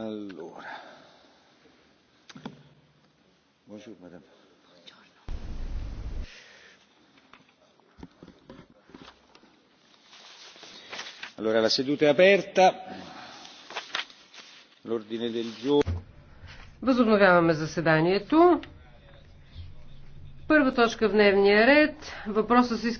Allora. Buongiorno, madame. Allora, la seduta è aperta. L'ordine del giorno. Възобновяваме заседанието. Първа точка в дневния ред. Въпросът с искане